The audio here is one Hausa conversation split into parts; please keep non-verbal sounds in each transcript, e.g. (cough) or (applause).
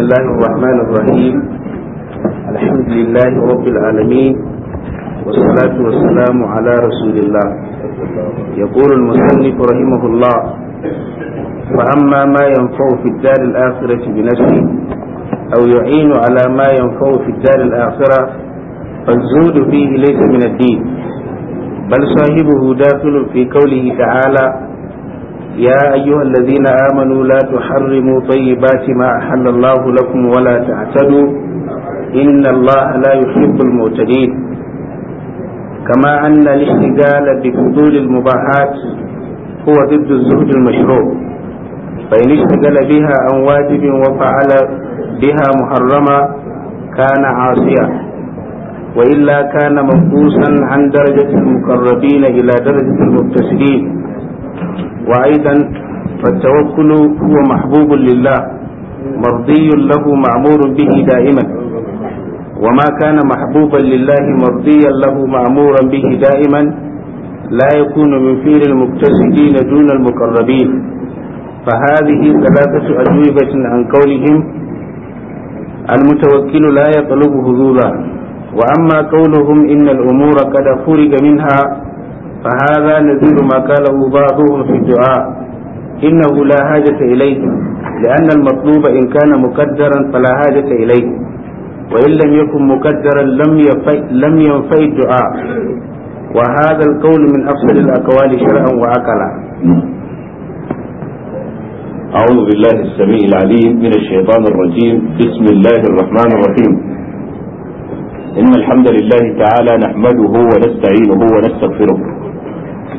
الله الرحمن الرحيم الحمد لله رب العالمين والصلاة والسلام على رسول الله يقول المصنف رحمه الله فأما ما ينفع في الدار الآخرة بنفسه أو يعين على ما ينفع في الدار الآخرة فالزهد فيه ليس من الدين بل صاحبه داخل في قوله تعالى يا أيها الذين آمنوا لا تحرموا طيبات ما أحل الله لكم ولا تعتدوا إن الله لا يحب المعتدين كما أن الاحتجال بفضول المباحات هو ضد الزهد المشروع فإن اشتغل بها عن واجب وفعل بها محرما كان عاصيا وإلا كان منقوصا عن درجة المقربين إلى درجة المبتسلين وأيضا فالتوكل هو محبوب لله مرضي له معمور به دائما وما كان محبوبا لله مرضيا له معمورا به دائما لا يكون من فعل المقتصدين دون المقربين فهذه ثلاثة أجوبة عن قولهم المتوكل لا يطلب هذولا وأما قولهم إن الأمور قد فرج منها فهذا نزيل ما قاله بعضهم في الدعاء إنه لا حاجة إليه لأن المطلوب إن كان مقدرا فلا حاجة إليه وإن لم يكن مقدرا لم ينفي لم ينفي الدعاء وهذا القول من أفضل الأقوال شرعا وعقلا أعوذ بالله السميع العليم من الشيطان الرجيم بسم الله الرحمن الرحيم إن الحمد لله تعالى نحمده ونستعينه ونستغفره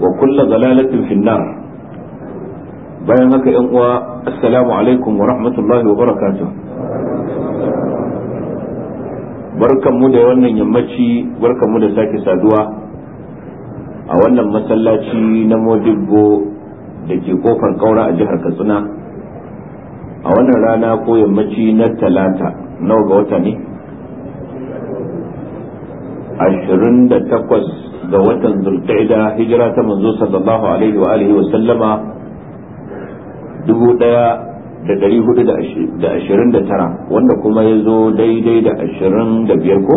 wa kulla dalalatin finnar bayan haka yan uwa assalamu alaikum wa rahmatullahi wa barakatuh barkanmu da wannan yammaci barkanmu da sake saduwa a wannan masallaci na modibbo da ke kofar kaura a jihar katsina a wannan rana ko yammaci na talata nawa ga wata ne 28 ga watan zulqa'ida hijira ta manzo sallallahu alaihi wa alihi wa sallama 1429 wanda kuma ya zo daidai da 25 ko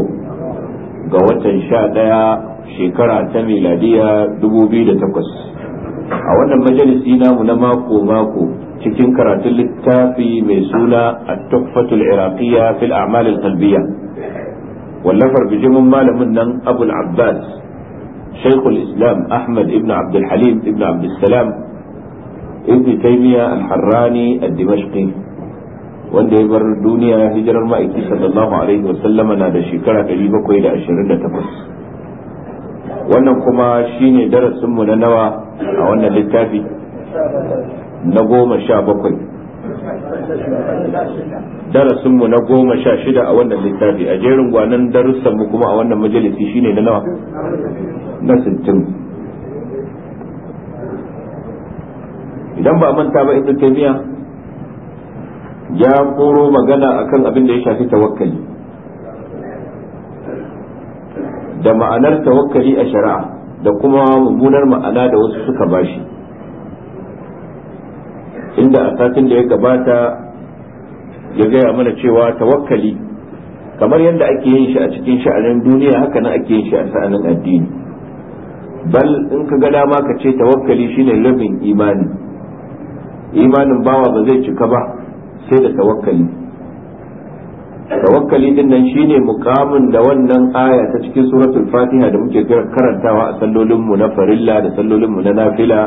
ga watan 11 shekara ta miladiya 2008 a wannan majalisi namu na mako-mako cikin karatun littafi mai suna a tuhfatul iraqiyya fil a'mal al wallafar bijimin malamin nan abul abbas شيخ الإسلام أحمد ابن عبد الحليم ابن عبد السلام ابن تيمية الحراني الدمشقي wanda ya bar duniya ya hijirar ma'aiki sallallahu alaihi wasallam na da shekara 728 wannan kuma shine darasinmu na nawa a wannan littafi na goma sha bakwai darasinmu na goma sha shida a wannan littafi a jerin gwanan darussanmu kuma a wannan majalisi shine na nawa na sittin idan ba manta ba ibn taymiya ya koro magana akan abin da ya shafi tawakkali da ma'anar tawakkali a shari'a da kuma mummunar ma'ana da wasu suka bashi inda a satin da ya gabata ya gaya mana cewa tawakkali kamar yadda ake yin shi a cikin sha'anin duniya haka nan ake yin shi a sha'anin addini bal in ka ga dama ka ce tawakkali shine rabin imani imanin bawa ba zai cika ba sai da tawakkali tawakkali din nan shine mukamin da wannan aya ta cikin suratul fatiha da muke karantawa a sallolinmu na farilla da sallolinmu na nafila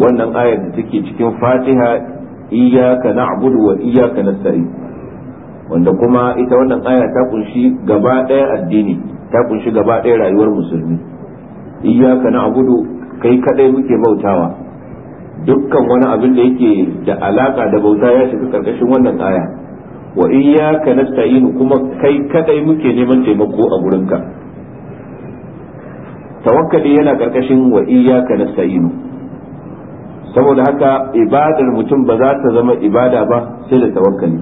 wannan ayar da take cikin fatiha iyyaka na'budu wa iyyaka nasta'in wanda kuma ita wannan aya ta kunshi gaba ɗaya addini ta kunshi gaba ɗaya rayuwar musulmi iyyaka na'budu kai kadai muke bautawa dukkan wani abin da yake da alaka da bauta ya shiga karkashin wannan aya wa iyyaka nasta'inu kuma kai kadai muke neman taimako a gurinka tawakkali yana karkashin wa iyyaka nasta'inu saboda haka ibadar mutum ba za ta zama ibada ba sai da tawakkali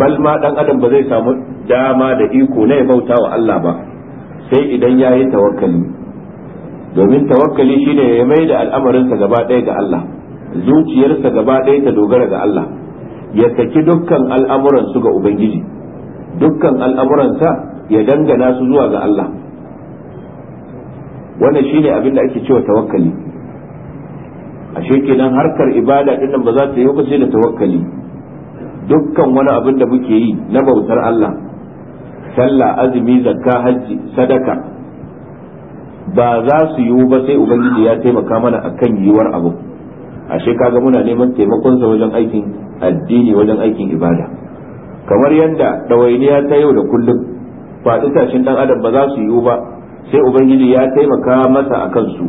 bal ma dan adam ba zai samu dama da iko na ya bauta wa Allah ba sai idan ya yi tawakkali domin tawakkali shine ya mai da al'amarinsa gaba ɗaya ga Allah zuciyarsa gaba ɗaya ta dogara ga Allah ya saki dukkan al'amuran su ga ubangiji dukkan al'amuransa ya dangana su zuwa ga Allah wannan shine abin da ake cewa tawakkali ashe kenan harkar ibada din nan ba za ta yi ba sai da tawakkali dukkan wani abin da muke yi na bautar Allah sallah azumi zakka hajji sadaka ba za su yiwu ba sai ubangiji ya taimaka mana akan yiwuwar abu ashe kaga muna neman taimakon sa wajen aikin addini wajen aikin ibada kamar yadda ɗawainiya ta yau da kullum faɗi tashin ɗan adam ba za su yiwu ba sai ubangiji ya taimaka masa a kansu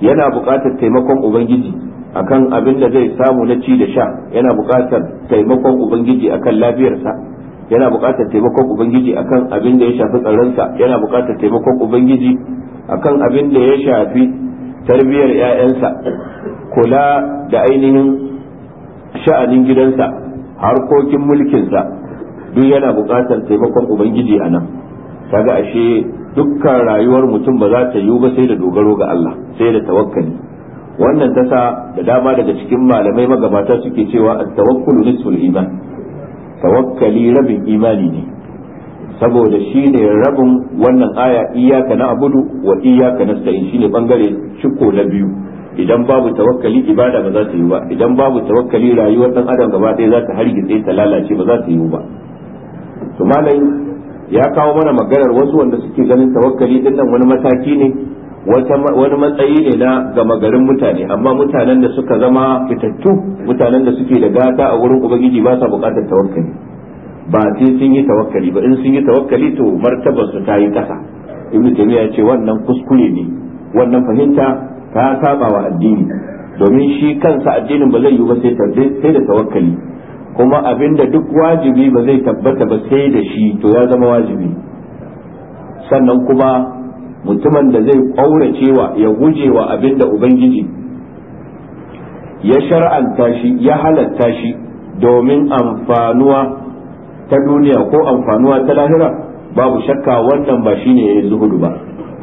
yana buƙatar taimakon ubangiji akan abin da zai samu na ci da sha yana buƙatar taimakon ubangiji akan lafiyarsa yana buƙatar taimakon ubangiji akan abin da ya shafi tsaronsa yana buƙatar taimakon ubangiji akan abin da ya shafi tarbiyyar 'ya'yansa kula da ainihin sha'anin gidansa harkokin mulkinsa duk yana buƙatar taimakon ubangiji a nan kaga ashe dukkan rayuwar mutum ba za ta yiwu ba sai da dogaro ga Allah sai da tawakkali wannan tasa da dama daga cikin malamai magabata suke cewa at-tawakkulu nisful iman tawakkali rabin imani ne saboda shi ne rabin wannan aya iyaka na abudu wa iyaka na shi shine bangare ciko na biyu idan babu tawakkali ibada ba za ta yi ba idan babu tawakkali rayuwar dan adam gaba ɗaya za ta hargitse ta lalace ba za ta yi ba to malai ya kawo mana maganar wasu wanda suke ganin tawakkali din wani mataki ne wani matsayi ne na gama garin mutane amma mutanen da suka zama fitattu mutanen da suke da gata a wurin ubangiji ba sa bukatar tawakkali ba sai sun yi tawakkali ba in sun yi tawakkali to martabar su ta yi kasa ibnu taymiya ya ce wannan kuskure ne wannan fahimta ta saba wa addini domin shi kansa addinin ba zai yi ba sai da tawakkali kuma abin da duk wajibi ba zai tabbata ba sai da shi to ya zama wajibi sannan kuma mutumin da zai cewa ya gujewa abin da ubangiji ya shar'anta shi ya halatta shi domin amfanuwa ta duniya ko amfanuwa ta lahira babu shakka wannan ba shine yayin zuhudu ba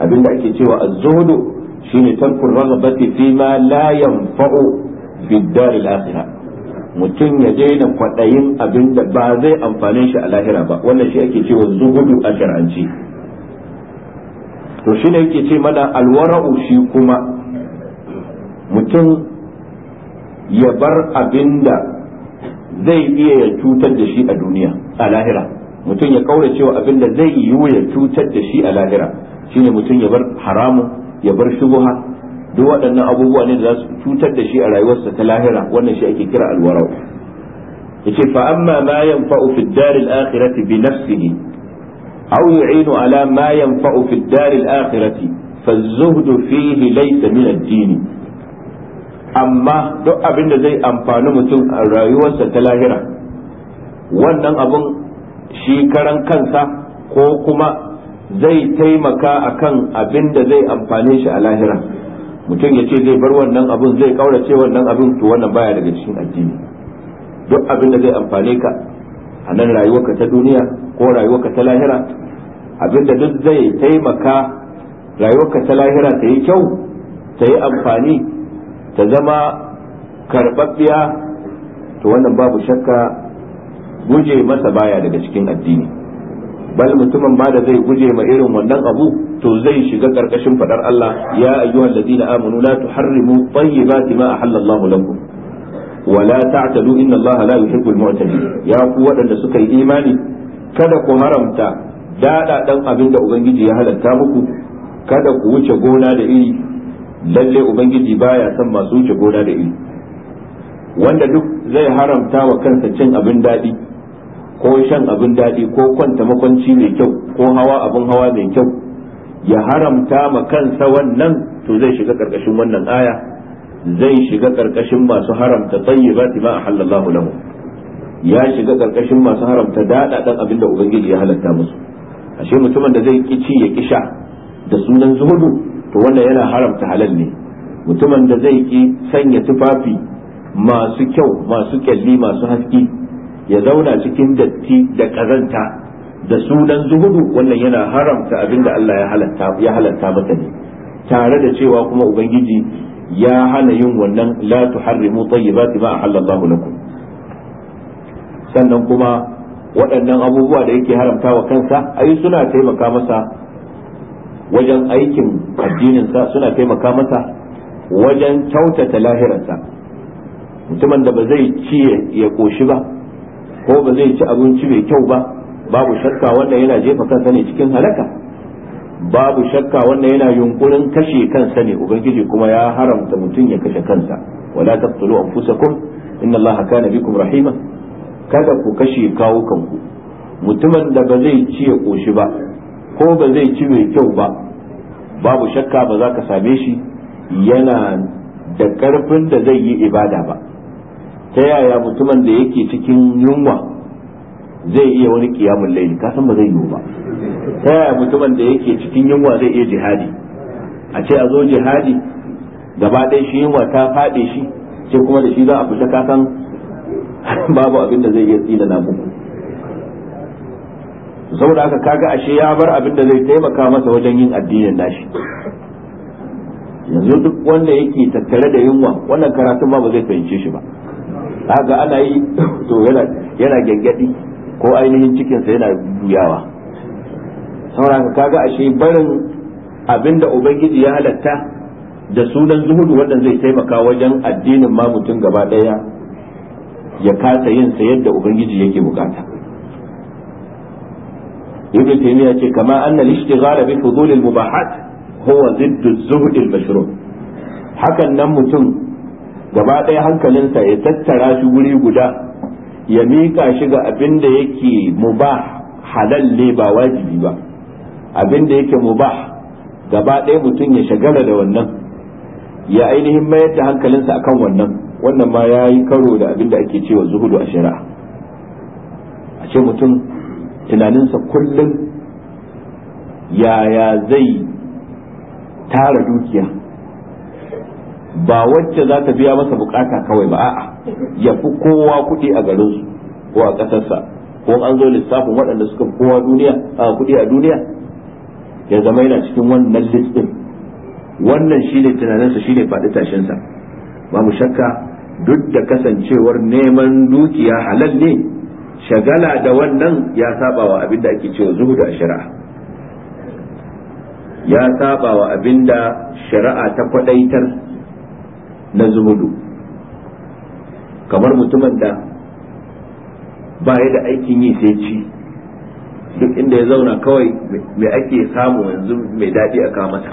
abinda ake cewa az-zuhudu shine tarkur raghabati fi ma la yanfa'u fi dar al-akhirah mutum ya daina kwadayin abinda ba zai amfane shi a lahira ba wannan shi ake cewa zuhudu a shar'anci to shine yake ce mana alwara'u shi kuma mutum ya bar da zai iya ya cutar da shi a duniya a lahira mutum ya kaura cewa da zai yiwu ya cutar da shi a lahira ne mutum ya bar haramun ya bar shubuha duk waɗannan abubuwa ne da za su cutar da shi a rayuwarsa ta lahira wannan shi ake kira alwara'u yace fa amma ma yanfa'u fi ad-dar al-akhirati bi nafsihi أو يعين على ma ينفع في الدار الآخرة فالزهد فيه ليس من الدين أما min زي amma duk abin zai amfani mutum a rayuwarsa ta lahira wannan abun kansa ko kuma zai taimaka akan abin da zai amfane shi a lahira mutum ya ce zai bar wannan abin zai kaurace wannan abin to wannan baya daga cikin addini duk abin zai amfane ka a nan rayuwarka ta duniya ko rayuwarka ta lahira abinda duk zai taimaka rayuwarka ta lahira ta yi kyau ta yi amfani ta zama karɓaɓɓiya to wannan babu shakka guje masa baya daga cikin addini bal mutumin ba da zai guje ma irin wannan abu to zai shiga ƙarƙashin faɗar Allah ya ayyuhal ladina amanu la tuharrimu tayyibati ma ahallallahu lakum ولا تعتدوا إن الله لا يحب المعتدين يا قوة أن سكي إيماني kada ku haramta dada dan abin da ubangiji ya halatta muku kada ku wuce gona da iri lalle ubangiji baya son masu wuce gona da iri wanda duk zai haramta wa kansa cin abin daɗi ko shan abin daɗi ko kwanta makwanci mai kyau ko hawa abin hawa mai kyau ya haramta ma kansa wannan to zai shiga ƙarƙashin wannan aya zai shiga ƙarƙashin masu haramta tayyibati ma halallahu lahu ya shiga ƙarƙashin masu haramta daɗaɗan abin da ubangiji ya halatta musu ashe mutumin da zai ki ci ya kisha da sunan zuhudu to wannan yana haramta halal ne mutumin da zai ki sanya tufafi masu kyau masu kyalli masu haski ya zauna cikin datti da kazanta da sunan zuhudu wannan yana haramta abin da Allah ya halatta mata ne tare da cewa kuma ubangiji ya hana yin wannan la tuharrimu tayyibati ma ahallallahu lakum sannan kuma waɗannan abubuwa da yake haramta wa kansa ai suna taimaka masa wajen aikin addininsa suna taimaka masa wajen kyautata lahirarsa mutumin da ba zai ci ya koshi ba ko ba zai ci abinci mai kyau ba babu shakka wannan yana jefa kansa ne cikin halaka babu shakka wannan yana yunkurin kashe kansa ne ubangiji kuma ya haramta mutum ya kashe kansa wala taqtulu anfusakum inna allaha kana bikum rahima kada ku kashe kawo kanku mutumin da ba zai ci ya koshi ba ko ba zai ci mai kyau ba babu shakka ba za ka same shi yana da karfin da zai yi ibada ba ta yaya mutumin da yake cikin yunwa zai iya wani kiyamun laili kasan ba zai yiwu ba ta yaya mutumin da yake cikin yunwa zai iya jihadi a ce a zo jihadi gaba ɗaya shi yunwa ta faɗe shi sai kuma da shi za a fita kasan (laughs) babu abin da zai iya na muku saboda haka kaga ashe ya bar abin da zai taimaka masa wajen yin addinin nashi yanzu duk wanda yake tattare da yunwa wannan karatun ba zai fahimce shi ba haka ana yi (coughs) to yana gyangyaɗi ko ainihin cikinsa yana juyawa saboda kaga ashe barin abin da ubangiji ya halatta da sunan zuhudu wannan zai taimaka wajen addinin ma mutum gaba ɗaya ya kasa yin sa yadda ubangiji yake bukata ibn taymiya ce kama anna al-ishtighal bi fudul al-mubahat huwa zidd az-zuhd hakan nan mutum gaba ɗaya hankalinsa ya tattara shi guri guda ya mika shi ga abin da yake mubah halal ne ba wajibi ba abin da yake mubah gaba ɗaya mutum ya shagala da wannan ya ainihin mayar da hankalinsa akan wannan wannan ma ya yi karo da abin da ake cewa zuhudu a shari'a a ce mutum tunaninsa kullum yaya zai tara dukiya ba wacce za ta biya masa bukata kawai ba a'a ya fi kowa kuɗi a garinsu ko a ƙasarsa ko an zo lissafin waɗanda suka fi kowa duniya a kuɗi a duniya ya zama yana cikin wannan list wannan shine tunaninsa shine faɗi tashinsa ba mu shakka duk da kasancewar neman dukiya halal ne shagala da wannan ya saba wa abinda ake cewa zuhu da shari'a ya saba wa abinda shari'a ta kwadaitar na zuhudu kamar mutumin da ba ya da aikin yi sai ci duk inda ya zauna kawai mai ake samu yanzu mai daɗi a kamata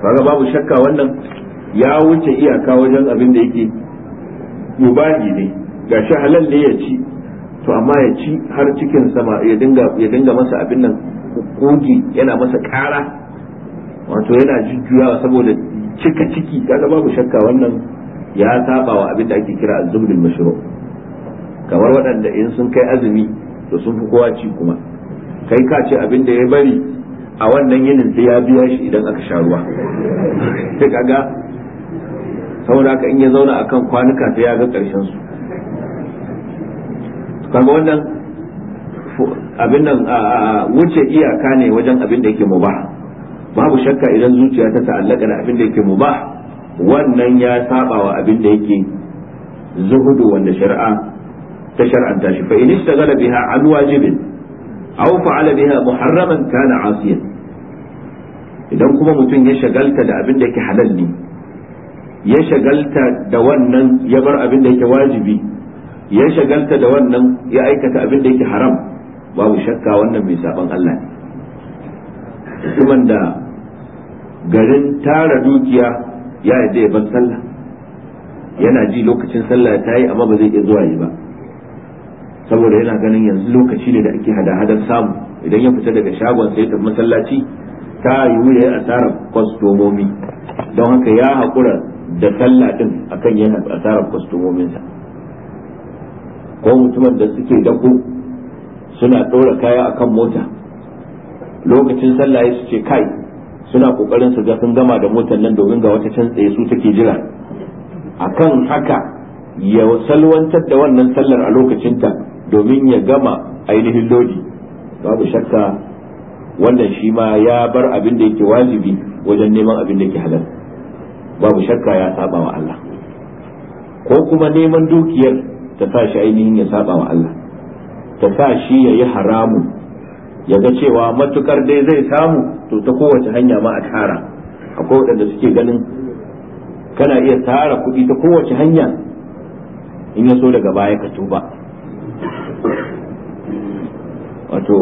kaga babu shakka wannan ya wuce iyaka wajen abin da yake mubahi ne ga shi halal ne ya ci to amma ya ci har cikin sama ya dinga ya dinga masa abin nan kogi yana masa kara wato yana jujjuyawa saboda cika ciki kaga babu shakka wannan ya saba wa abin da ake kira azumul mashru kamar waɗanda in sun kai azumi to sun fi kowa ci kuma kai ka ce abin da ya bari a wannan yinin sai ya biya shi idan aka sha ruwa (laughs) sai kaga saboda haka in ya zauna a kan kwanuka ta ya ga ƙarshen su kaga wannan abin nan wuce iyaka ne wajen abin da yake ba babu shakka idan zuciya ta ta'allaka da abin da yake ba wannan ya saba wa abin da yake zuhudu wanda shari'a ta shar'anta shi fa in ishtagala biha an wajibin aw fa'ala biha muharraman kana asiyan idan kuma mutum ya shagalta da abin da yake halal ne ya shagalta da wannan ya bar abin da yake wajibi ya shagalta da wannan ya aikata abin da yake haram babu shakka wannan mai saban Allah ne da garin tara dukiya ya yadda ya ban sallah yana ji lokacin sallah ta yi amma ba zai iya zuwa yi ba saboda yana ganin yanzu lokaci ne da ake hada-hadar samu idan ya fita daga shagon sai tafi masallaci ta yi ya yi asarar kwastomomi don haka ya haƙura da sallah din akan yana asarar kwastomominsa ko mutumin da suke dako suna ɗora kaya akan mota lokacin sallah ya ce kai suna kokarin su ga sun gama da motar nan domin ga wata can tsaye su take jira akan haka ya salwantar da wannan sallar a lokacinta domin ya gama ainihin lodi babu shakka wannan shi ma ya bar abin da yake wajibi wajen neman abin da yake halal babu shakka ya saba wa Allah ko kuma neman dukiyar ta sa shi ainihin ya saba wa Allah ta sa shi ya yi haramu, ya ga cewa matukar dai zai samu to ta kowace hanya ma a tara akwai waɗanda suke ganin kana iya tara kuɗi ta kowace hanya in ya so daga baya ka tuba wato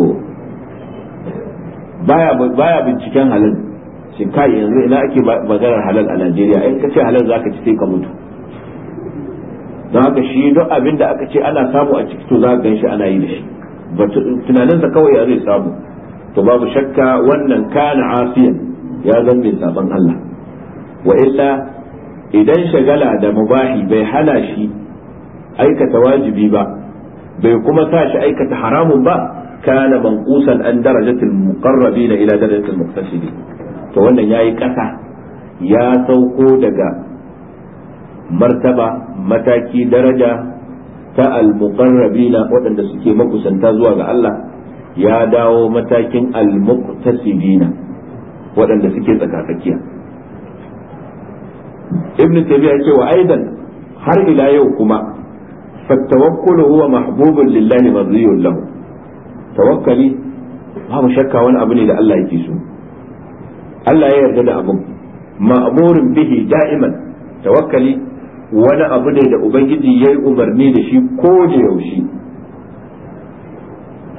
baya binciken halin ce kai yanzu ina ake maganar halal a Najeriya in ka ce halal ka ci sai ka mutu don haka shi duk abin da aka ce ana samu a ciki to za ka gan shi ana yi da shi tunaninsa kawai ya zai samu to babu shakka wannan kana asiyan ya zan mai saban Allah wa illa idan shagala da mubahi bai hana shi aikata wajibi ba bai kuma sa shi aikata haramun ba kana manqusan an darajatil muqarrabin ila darajatil muqtasidin to wannan ya yi ƙasa ya sauko daga martaba mataki daraja ta na waɗanda suke makusanta zuwa ga Allah ya dawo matakin almuqtasibina waɗanda suke tsakatsakiya ibn tabi'a ce wa aidan har ila yau kuma fattawakkulu huwa mahbubun lillahi radiyallahu tawakkali babu shakka wani abu ne da Allah yake so Allah ya yarda da abin Ma'amurin bihi da'iman tawakkali wani abu ne da ubangiji yayi umarni da shi ko da yaushe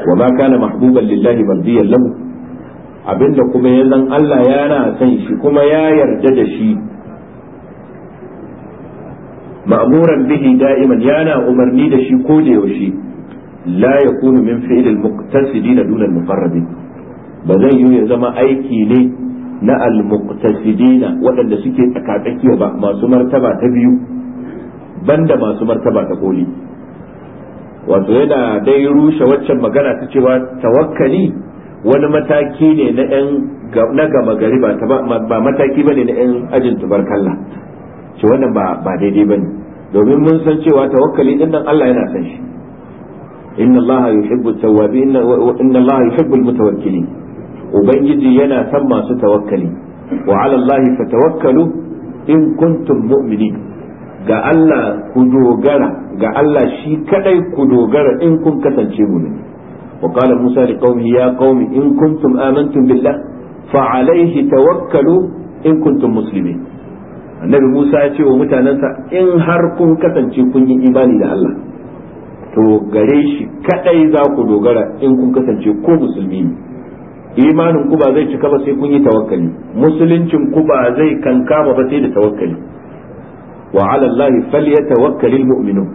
wa ma kana mahbuban lillahi mardiyan lahu abinda kuma yanzu Allah ya na son shi kuma ya yarda da shi Ma'amuran bihi da'iman yana umarni da shi ko da yaushe la yakunu min fi'l al-muqtasidin dun al-muqarrabin ba zai yi ya zama aiki ne na al-muqtasidina waɗanda suke tsakatsakiya ba masu martaba ta biyu banda masu martaba ta koli wato yana dai rushe waccan magana ta cewa tawakkali wani mataki ne na yan na gama gari ba ba mataki bane na yan ajin tubarkalla ce wannan ba ba daidai bane domin mun san cewa tawakkali din nan Allah yana san shi inna Allah yuhibbu at-tawwabin inna Allah yuhibbu al-mutawakkilin ubangiji yana san masu tawakkali wa ala allahi fatawakkalu in kuntum mu'minin ga Allah ku dogara ga Allah shi kadai ku dogara in kun kasance mu'mini wa qala musa ya qaumi in kuntum amantum billah fa alayhi tawakkalu in kuntum muslimin annabi Musa ya ce wa mutanensa in har kun kasance kun yi imani da Allah to gare shi kadai za ku dogara in kun kasance ko musulmi ne imanin ku ba zai cika ba sai kun yi tawakkali musuluncin ku ba zai kankama ba sai da tawakkali wa ala Allah falyatawakkalil mu'minun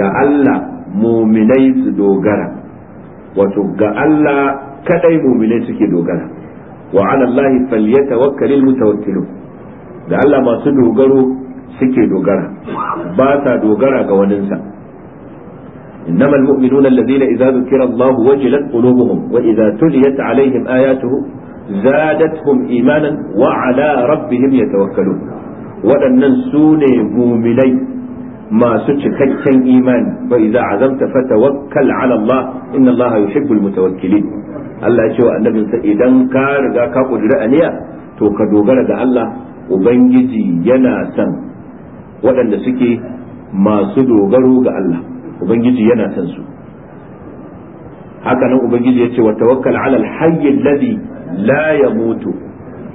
ga Allah mu'minai su dogara wato ga Allah kadai mu'minai suke dogara wa ala Allah falyatawakkalil mutawakkilun ga Allah masu dogaro suke dogara ba sa dogara ga waninsa إنما المؤمنون الذين إذا ذكر الله وجلت قلوبهم وإذا تليت عليهم آياته زادتهم إيمانا وعلى ربهم يتوكلون waɗannan su ne mumilai masu cikakken imani fa idza azamta fatawakkal ala Allah inna Allah yuhibbul mutawakkilin Allah ya ce wa annabin sa idan ka riga ka kudura aniya to ka dogara ga Allah ubangiji yana san waɗanda suke masu dogaro ga Allah ubangiji yana san su haka nan ubangiji ya ce wa tawakkal ala alhayy alladhi la yamutu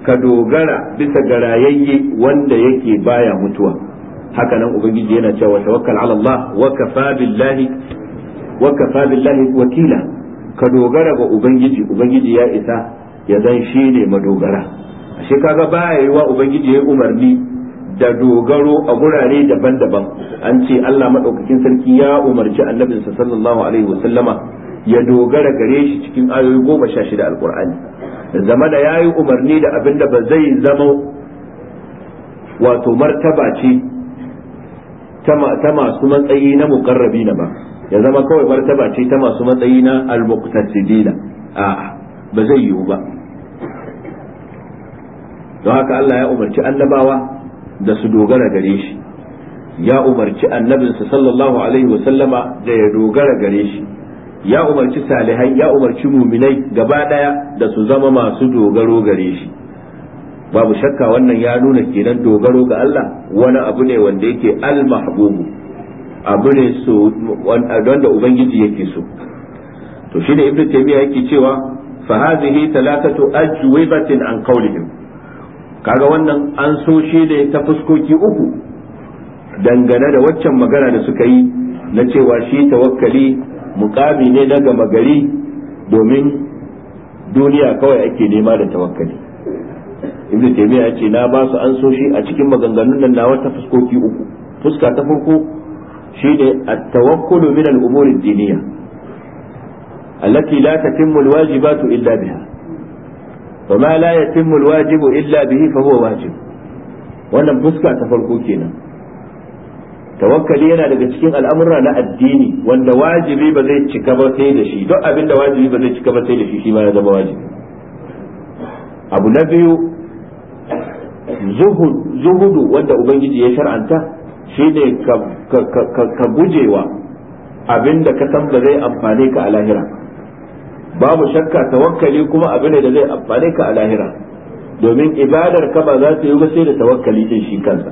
ka dogara bisa garayayye wanda yake baya mutuwa haka nan ubangiji yana cewa tawakkal ala Allah wa kafa billahi wa kafa billahi wakila ka dogara ga ubangiji ubangiji ya isa ya zan shine madogara ashe kaga baya yi wa ubangiji ya umarni da dogaro a gurare daban-daban an ce Allah maɗaukakin sarki ya umarci annabinsa sallallahu alaihi wasallama ya dogara gare shi cikin ayoyi goma sha shida alkur'ani zama da ya yi umarni da abin da ba zai zama wato martaba ce ta masu matsayi na mukarrabi na ba ya zama kawai martaba ce ta masu matsayi na almuqtasidina a ba zai yiwu ba don haka Allah ya umarci annabawa da su dogara gare shi ya umarci annabinsa sallallahu alaihi wa sallama da ya dogara gare shi ya umarci salihai ya umarci muminai gaba daya da su zama masu dogaro gare shi babu shakka wannan ya nuna kenan dogaro ga Allah wani abu ne wanda yake al-mahbubu abu ne so wanda ubangiji yake so to shi ne ibnu taymiya yake cewa fa hadhihi thalathatu ajwibatin an qawlihi kaga wannan an so shi da ta fuskoki uku dangane da waccan magana da suka yi na cewa shi tawakkali mukami ne na gama gari domin duniya kawai ake nema da tawakkali ibn taymiya ce na ba su an so shi a cikin maganganun nan na wata fuskoki uku fuska ta farko shi shine at-tawakkulu min al-umuri ad-diniyya allati la tatimmu al-wajibatu illa biha wa ma la yatimmu alwajibu illa bihi fa wannan fuska ta farko kenan tawakkali yana daga cikin al'amura na addini wanda wajibi ba zai cika ba sai da shi duk abin da wajibi ba zai cika ba sai da shi shi ma ya zama wajibi abu na biyu zuhudu wanda ubangiji ya shar'anta shi ne ka gujewa abin da ka san ba zai amfane ka a lahira babu shakka tawakkali kuma abu ne da zai amfane ka a lahira domin ibadar ka ba za ta yi ba sai da tawakkali ce shi kansa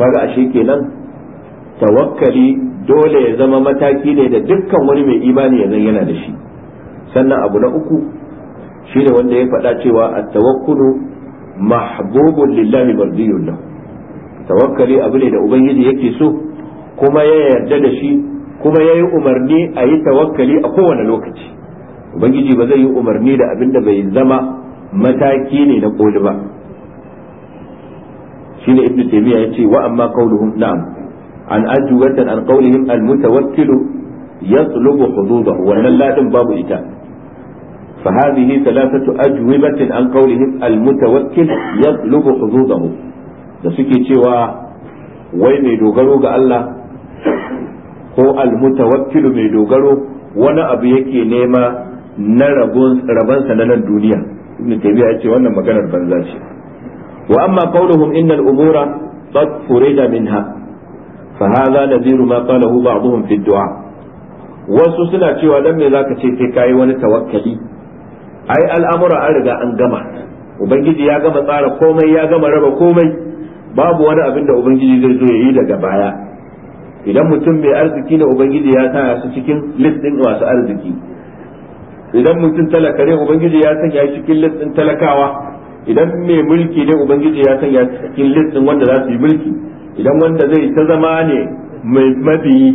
kaga ashe kenan tawakkali dole ya zama mataki ne da dukkan wani mai imani ya zan yana da shi sannan abu na uku shi ne wanda ya faɗa cewa a tawakkulu mahbubun lillahi bardiyun lahu tawakkali abu ne da ubangiji yake so kuma ya yarda da shi kuma ya yi umarni a yi tawakkali a kowane lokaci ubangiji ba zai yi umarni da abin da bai zama mataki ne na koli ba Shi ne ibnu taymiya yace wa amma qawluhum na'am an ajwatan an qawlihim al mutawakkilu yatlubu hududahu wannan ladin babu ita فهذه ثلاثة أجوبة عن قولهم المتوكل يطلب حظوظه da suke cewa wai mai dogaro ga Allah ko almutawakkilu mai dogaro wani abu yake nema na rabonsa na nan duniya ibn taymiya ya ce wannan maganar banza ce wa amma qawluhum innal umura qad furida minha fa hadha nadhiru ma qalahu ba'dhum fi du'a wasu suna cewa dan me zaka ce kai kai wani tawakkali ai al'amura an riga an gama ubangiji ya gama tsara komai ya gama raba komai babu wani abin da ubangiji zai zo ya yi daga baya idan mutum mai arziki da ubangiji ya sa su cikin list din masu arziki idan mutum talaka ne ubangiji ya sanya cikin listin talakawa idan mai mulki ne ubangiji ya sanya cikin listin wanda za su yi mulki idan wanda zai ta zama ne mai mabiyi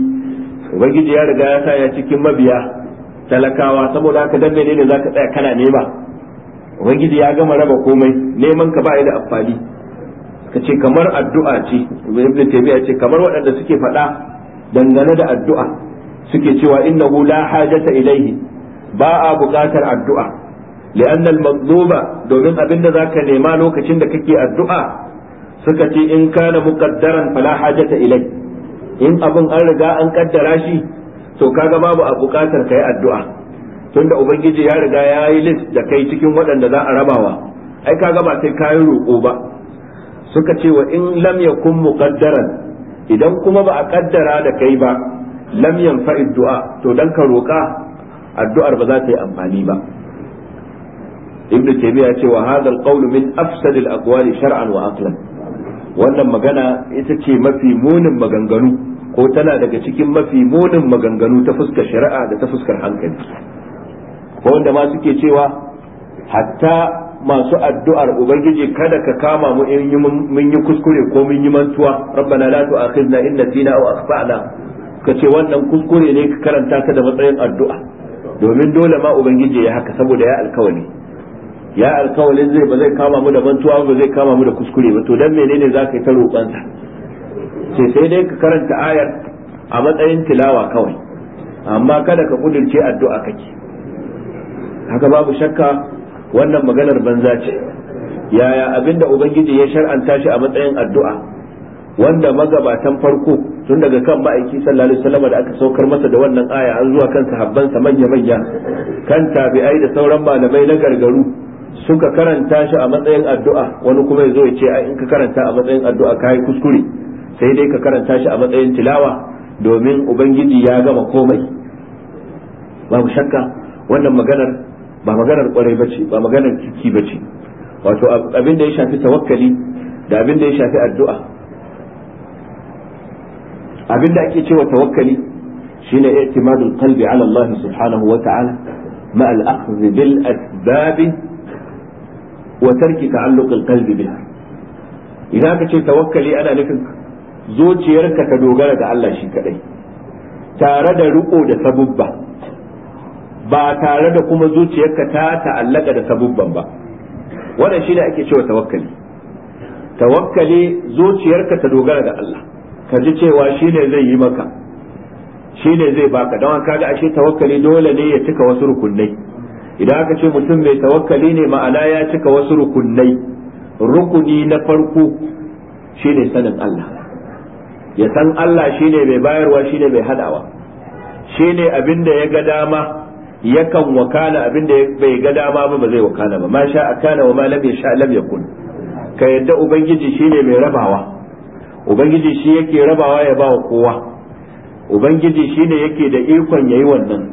ubangiji ya riga ya sanya cikin mabiya talakawa saboda haka dan ne zaka tsaya kana nema ubangiji ya gama raba komai neman ka ba da amfani ka ce kamar addu'a ce ibn taymiya ce kamar waɗanda suke faɗa dangane da addu'a suke cewa innahu la hajata ilaihi ba a buƙatar addu'a li'annal mazluba domin abin da zaka nema lokacin da kake addu'a suka ce in kana muqaddaran fala hajata ilai in abin an riga an kaddara shi to kaga babu a buƙatar kai addu'a tunda ubangiji ya riga ya yi list da kai cikin waɗanda za a rabawa ai kaga ba sai kayan roƙo ba suka ce wa in lam yakun muqaddaran idan kuma ba a kaddara da kai ba lam yanfa'id du'a to dan ka roƙa addu'ar ba za ta yi amfani ba ibn taymiya ce wa hadha alqawl min afsad alaqwali shar'an wa aqlan wannan magana ita ce mafi munin maganganu ko tana daga cikin mafi munin maganganu ta fuskar shari'a da ta fuskar hankali ko wanda ma suke cewa hatta masu addu'ar ubangiji kada ka kama mu in mun yi kuskure ko mun yi mantuwa rabbana la tu'akhidna in nasina aw akhtana kace wannan kuskure ne ka karanta ta da matsayin addu'a domin dole ma ubangiji ya haka saboda ya alkawali ya alkawalin zai ba zai kama mu da bantuwa ba zai kama mu da kuskure ba to dan menene za ka yi ta roƙonsa sai sai dai ka karanta ayar a matsayin tilawa kawai amma kada ka kudirce addu'a kake haka babu shakka wannan maganar banza ce yaya abinda ubangiji ya shar'anta shi a matsayin addu'a wanda magabatan farko tun daga kan ma'aiki sallallahu alaihi wasallam da aka saukar masa da wannan aya an zuwa kan sa manya manya kan tabi'ai da sauran malamai na gargaru suka karanta shi a matsayin addu'a wani kuma yazo ya ce ai in ka karanta a matsayin addu'a kai kuskure sai dai ka karanta shi a matsayin tilawa domin ubangiji ya gama komai babu shakka wannan maganar ba maganar kwarai bace ba maganar kiki bace wato abin da ya shafi tawakkali da abin da ya shafi addu'a abinda ake cewa tawakkali shine i'timadul qalbi ala Allah subhanahu wa ta'ala ma al akhdh bil asbab wa tarki ta'alluq al qalbi biha idan ka ce tawakkali ana nufin zuciyarka ta dogara ga Allah shi kadai tare da riko da sabubba ba tare da kuma zuciyarka ta ta'allaka da sabubban ba wannan shine ne ake cewa tawakkali tawakkali zuciyarka ta dogara ga Allah ka ji cewa shi ne zai yi maka shi ne zai baka don kaga ashe tawakkali dole ne ya cika wasu rukunai idan aka ce mutum mai tawakkali ne ma'ana ya cika wasu rukunai rukuni na farko shi ne sanin Allah ya san Allah shi ne mai bayarwa shi ne mai hadawa shi ne abin da ya ga dama yakan wakana abin da bai ga dama ba ba zai wakana ba ma sha akana wa ma lam yasha lam yakun ka yadda ubangiji ne mai rabawa ubangiji shi yake rabawa ya ba kowa ubangiji shi ne yake da ikon yayi wannan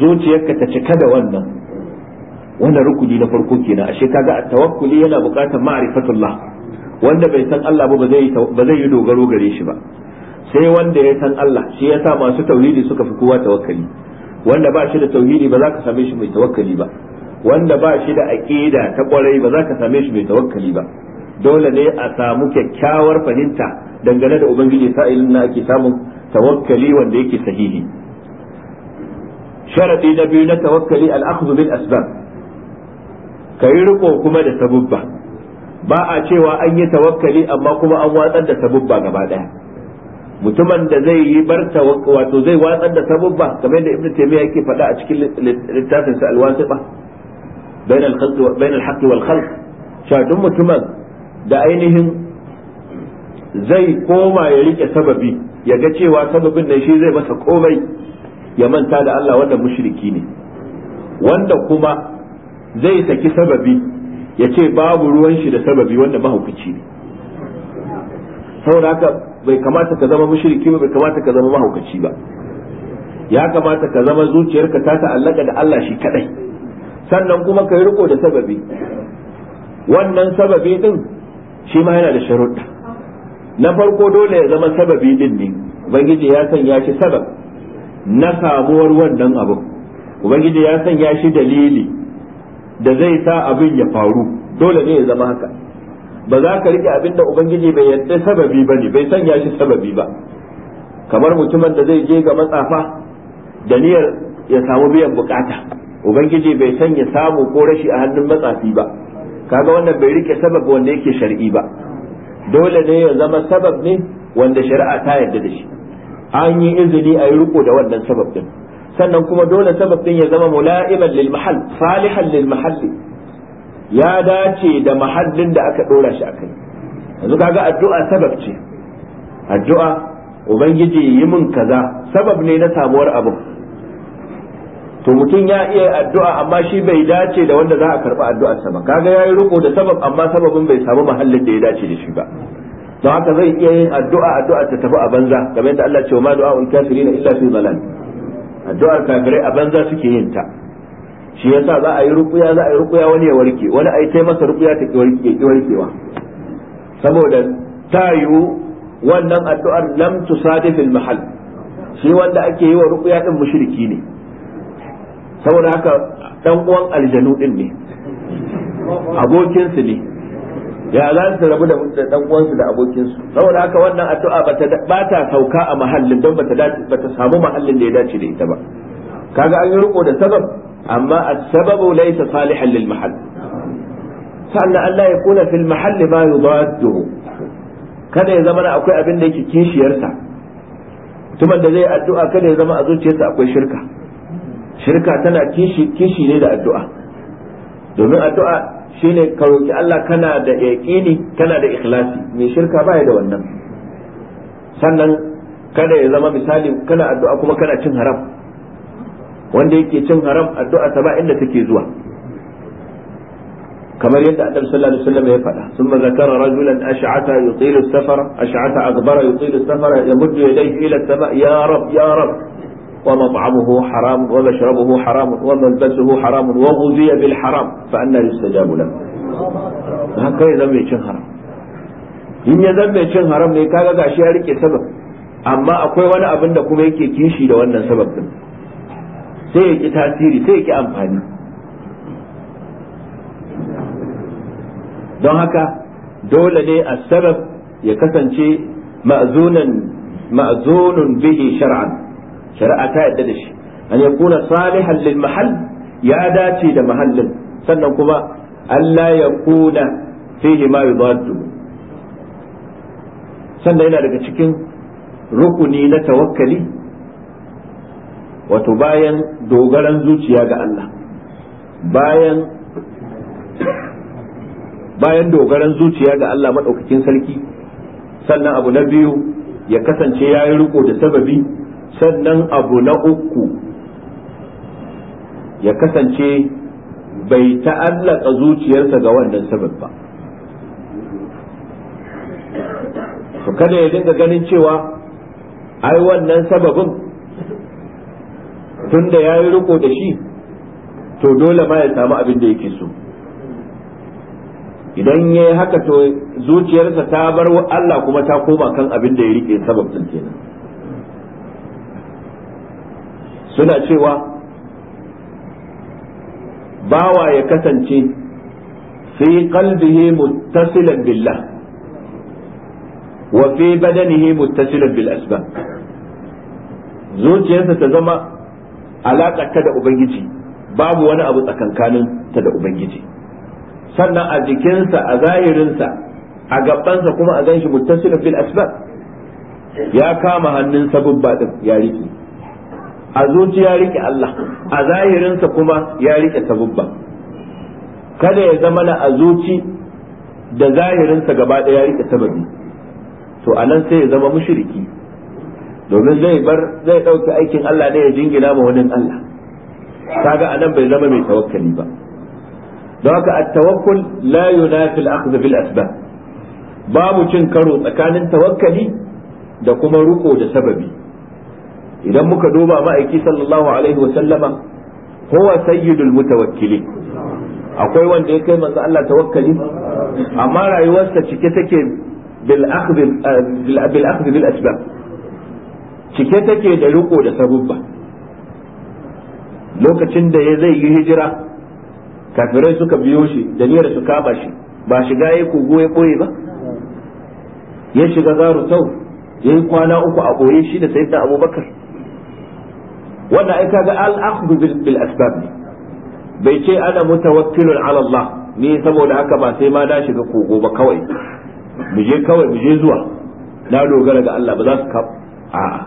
zuciyarka ta cika da wannan wannan rukuni na farko kenan ashe kaga tawakkuli yana buƙatar ma'rifatullah wanda bai san Allah ba ba zai yi dogaro gare shi ba sai wanda ya san Allah shi yasa masu tauhidi suka fi kowa tawakkali wanda ba shi da tauhidi ba za ka same shi mai tawakkali ba wanda ba shi da aqida ta kwarai ba za ka same shi mai tawakkali ba dole ne a samu kyakkyawar fahimta dangane da ubangiji sa'ilin na ake samun tawakkali wanda yake sahihi sharadi na biyu na tawakkali al bil asbab kai riko kuma da sabubba ba a cewa an yi tawakkali amma kuma an watsar da sabubba gaba daya mutumin da zai yi bar wato zai watsar da sabubba kamar da ibnu taymiya yake faɗa a cikin littafin sa al-wasiqa bain al-khalq bain al-haqq wal khalq cewa duk mutumin da ainihin zai koma ya rike sababi ya ga cewa sababin ne shi zai masa komai ya manta da Allah wanda mushriki ne wanda kuma zai saki sababi ya ce babu ruwan shi da sababi wanda mahaukaci ne saboda haka bai kamata ka zama mushriki ba bai kamata ka zama mahaukaci ba ya kamata ka zama zuciyarka ta ta'allaka da Allah shi kadai sannan kuma ka yi riko da sababi wannan sababi din shi ma yana da sharuɗa na farko dole ya zama sababi din ne ubangiji ya sanya shi sabab na samuwar wannan abin ubangiji ya sanya shi dalili da zai sa abin ya faru dole ne ya zama haka ba za ka rike abin da ubangiji bai yadda sababi ba ne bai sanya shi sababi ba kamar mutumin da zai je ga matsafa da niyyar ya samu biyan bukata ubangiji bai sanya samu ko rashi a hannun matsafi ba kaga wannan bai rike sabab wanda yake shar'i ba dole ne ya zama sabab ne wanda shari'a ta yarda da shi an yi izini a yi riko da wannan sabab din sannan kuma dole sabab din ya zama mula'iman lil mahall salihan lil mahalli ya dace da mahallin da aka dora shi akai yanzu kaga addu'a sabab ce addu'a ubangiji yi min kaza sabab ne na samuwar abin to mutum ya iya addu'a amma shi bai dace da wanda za a karɓi addu'ar sa ba kaga yayi riko da sabab amma sababin bai samu mahallin da ya dace da shi ba don haka zai iya yin addu'a addu'a ta tafi a banza kamar yadda Allah ce wa ma'a du'a'ul kafirin illa fi addu'ar kafirai a banza suke yin ta shi yasa za a yi rukuya za a yi rukuya wani ya warke wani a yi ta masa rukuya ta ki warke ki warkewa saboda tayu wannan addu'ar lam tusadifil mahal shi wanda ake yi wa rukuya din mushriki ne saboda haka dan uwan aljanu din ne su ne ya za su rabu da dan su da abokinsu saboda haka wannan addu'a ba ta sauka a mahallin don bata bata samu mahallin da ya dace da ita ba kaga an yi riko da sabab amma as-sababu laysa salihan lil mahall sannan Allah ya kula fil mahall ma yudaddu kada ya zama akwai abin da yake kishiyarsa mutumin da zai addu'a kada ya zama a zuciyarsa akwai shirka shirka tana kishi kishi ne da addu'a domin addu'a shine ka roki Allah kana da yaqini kana da ikhlasi mai shirka baya da wannan sannan kada ya zama misali kana addu'a kuma kana cin haram wanda yake cin haram addu'a ta ba inda take zuwa kamar yadda annabi sallallahu alaihi wasallam ya faɗa thumma zakara rajulan ash'ata yutilu as-safara ash'ata adbara yutilu as-safara yamuddu yadayhi ila sama ya rab ya rab ومطعمه حرام ومشربه حرام وملبسه حرام وغذي بالحرام فأنا يستجاب له haka ya zama cin haram in ya zama cin haram ne kaga gashi ya rike sabab amma akwai wani abin da kuma yake kishi da wannan sabab sai ya ki tasiri sai ya ki amfani don haka dole ne a sabab ya kasance ma'zunan ma'zunun bihi shar'an shari'a ta yadda da shi an kuna salihan lil mahall ya dace da mahallin sannan kuma Allah ya kuna fihi ma yudaddu sannan yana daga cikin rukuni na tawakkali wato bayan dogaran zuciya ga Allah bayan bayan dogaran zuciya ga Allah madaukakin sarki sannan abu na biyu ya kasance ya yi riko da sababi sannan abu na uku ya kasance bai ta'allaka zuciyarsa ga wannan sabab ba to kada ya dinga ganin cewa ai wannan sababin tunda ya yi riko da shi to dole ma ya samu abin da yake so idan ya yi haka to zuciyarsa ta bar Allah kuma ta koma kan abin da ya riƙe sabab kenan suna cewa bawa ya kasance fi qalbihi muttasilan billah wa fi badanihi muttasilan bil asbab zuciyarsa ta zama ta da ubangiji babu wani abu tsakankanin ta da ubangiji sannan a jikinsa a zahirinsa a gabansa kuma a ganshi muttasilan bil asbab ya kama hannun sabubba din ya riki a zuciya rike Allah a zahirinsa kuma ya rike sabubba kada ya zama na a zuci da zahirinsa gaba ɗaya ya rike sababi to a nan sai ya zama mushriki domin zai bar zai ɗauki aikin Allah ne ya jingina ma wani Allah kaga a nan bai zama mai tawakkali ba don haka at-tawakkul la yunafi al-akhdh bil asbab babu cin karo tsakanin tawakkali da kuma ruko da sababi idan muka duba ma'aiki sallallahu alaihi wa sallama huwa sayyidul mutawakkilin akwai wanda ya kai manzo Allah tawakkali amma rayuwarsa cike take bil akhdh bil akhdh bil asbab cike take da riko da sabubba lokacin da ya zai yi hijira kafirai suka biyo shi da niyyar su kama shi ba shiga yayi kogo ya koye ba ya shiga garu sau ya yi kwana uku a ɓoye shi da sayyidina abubakar wannan ai kaga al-akhdhu bil asbab bai ce ana mutawakkilun ala Allah ni saboda haka ba sai ma na shiga kogo ba kawai mu je kawai mu je zuwa na dogara ga Allah ba za su kaf a'a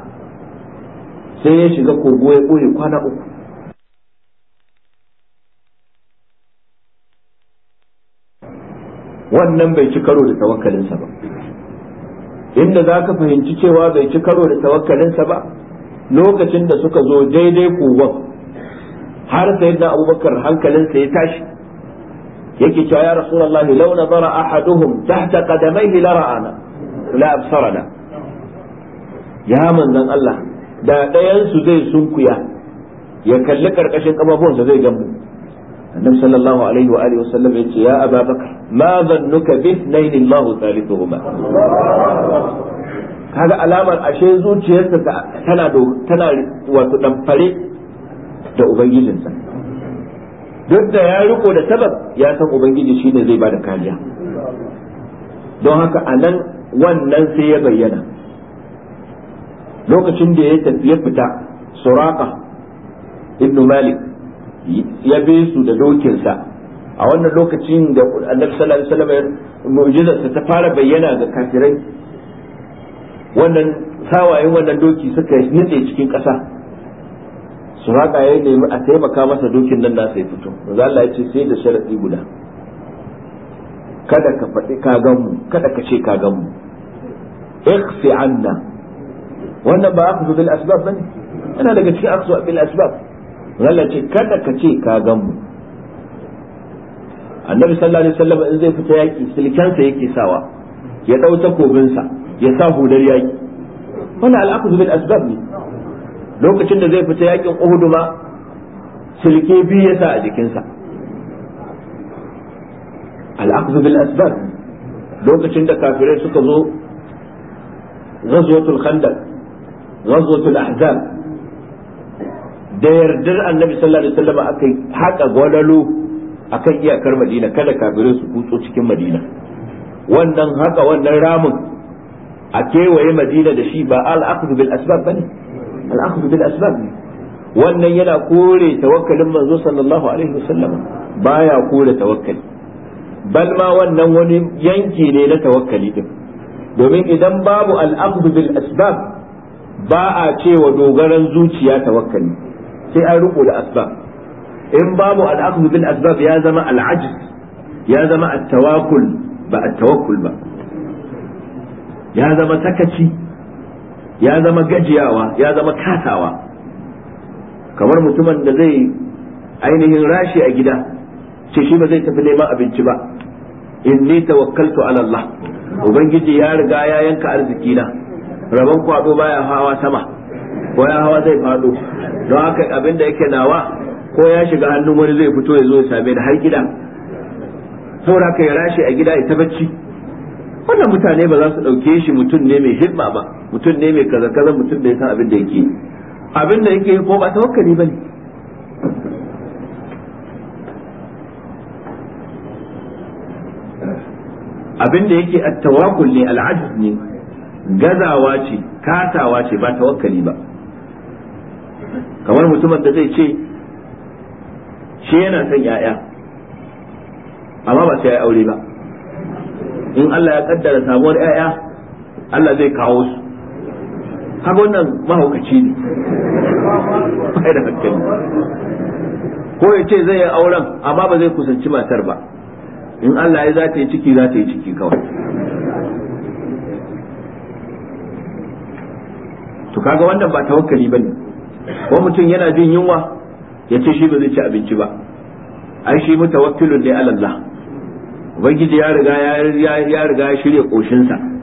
sai ya shiga kogo ya koyi kwana uku wannan bai ci karo da tawakkalinsa ba inda za ka fahimci cewa bai ci karo da tawakkalinsa ba lokacin da suka zo daidai kogon har sai da abubakar hankalinsa ya tashi yake cewa ya rasulullahi law nazara ahaduhum tahta qadamayhi la ra'ana la absarana ya manzon Allah da ɗayansu su zai sunkuya ya kalli ƙarƙashin kafafuwansa zai gamu annabi sallallahu alaihi wa alihi wasallam yace ya ababakar ma zannuka bi ithnayn Allah thalithuhuma kaga alamar ashe zuciyarsa tana tana wato damfare da ubangijinsa duk da ya riko da sabab ya san ubangiji shine zai bada kariya don haka a nan wannan sai ya bayyana lokacin da ya tafi ya fita suraka ibnu malik ya bi su da dokinsa a wannan lokacin da annabi sallallahu alaihi wasallam mu'jizarsa ta fara bayyana ga kafirai wannan sawayen wannan doki suka nitse cikin ƙasa su haka ya nemi a taimaka masa dokin nan nasa ya fito manzo Allah ya ce sai da sharadi guda kada ka faɗi gan mu kada ka ce gan mu ikhfi anna wannan ba akhdhu bil asbab bane yana daga cikin akhdhu bil asbab Allah ya ce kada ka ce kagan mu annabi sallallahu alaihi wasallam in zai fita yaki silkensa yake sawa ya dau sa ya sa hudar yaki wannan al'aqdu bil asbab ne lokacin da zai fita yakin uhudu ma silke biyu ya sa a jikinsa al'aqdu bil asbab lokacin da kafirai suka zo ghazwatul khandaq ghazwatul ahzab da yardar annabi sallallahu alaihi wasallam akai haka gwalalo akan iyakar madina kada kafirai su kutso cikin madina wannan haka wannan ramin a kewaye madina da shi ba al'akhdu bil asbab bane al'akhdu bil asbab ne wannan yana kore tawakkalin manzo sallallahu alaihi wasallam baya kore tawakkali bal ma wannan wani yanki ne na tawakkali din domin idan babu al'akhdu bil asbab ba a cewa dogaran zuciya tawakkali sai an riko da asbab in babu al'akhdu bil asbab ya zama al'ajz ya zama at-tawakkul ba at-tawakkul ba ya zama sakaci ya zama gajiyawa ya zama katawa kamar mutumin da zai ainihin rashi a gida ce shi ba zai tafi neman abinci ba inni tawakkaltu ala Allah ubangiji ya riga ya yanka arziki na rabon kwado baya hawa sama ko ya hawa zai fado don haka abin da yake nawa ko ya shiga hannun wani zai fito ya zo ya same ni har gida saboda ka ya rashi a gida ya ta bacci wannan mutane ba za su ɗauke shi mutum ne mai himma ba mutum ne mai kaza kaza mutum da ya san abin da yake abin da yake ko ba tawakkali bane abin da yake at-tawakkul ne al-ajz ne gazawa ce katawa ce ba tawakkali ba kamar mutumin da zai ce shi yana son ya'ya amma ba sai ya aure ba in Allah ya kaddara samuwar 'ya'ya, Allah zai kawo su haka wannan mahaukaci ne bai da hakkin ko ya ce zai yi auren amma ba zai kusanci matar ba in Allah ya zata yi ciki za yi ciki kawai to kaga wannan ba tawakkali bane ko mutum yana jin yunwa ya ce shi ba zai ci abinci ba ai shi mutawakkilun ne Allah ubangiji ya riga ya riga ya shirya koshinsa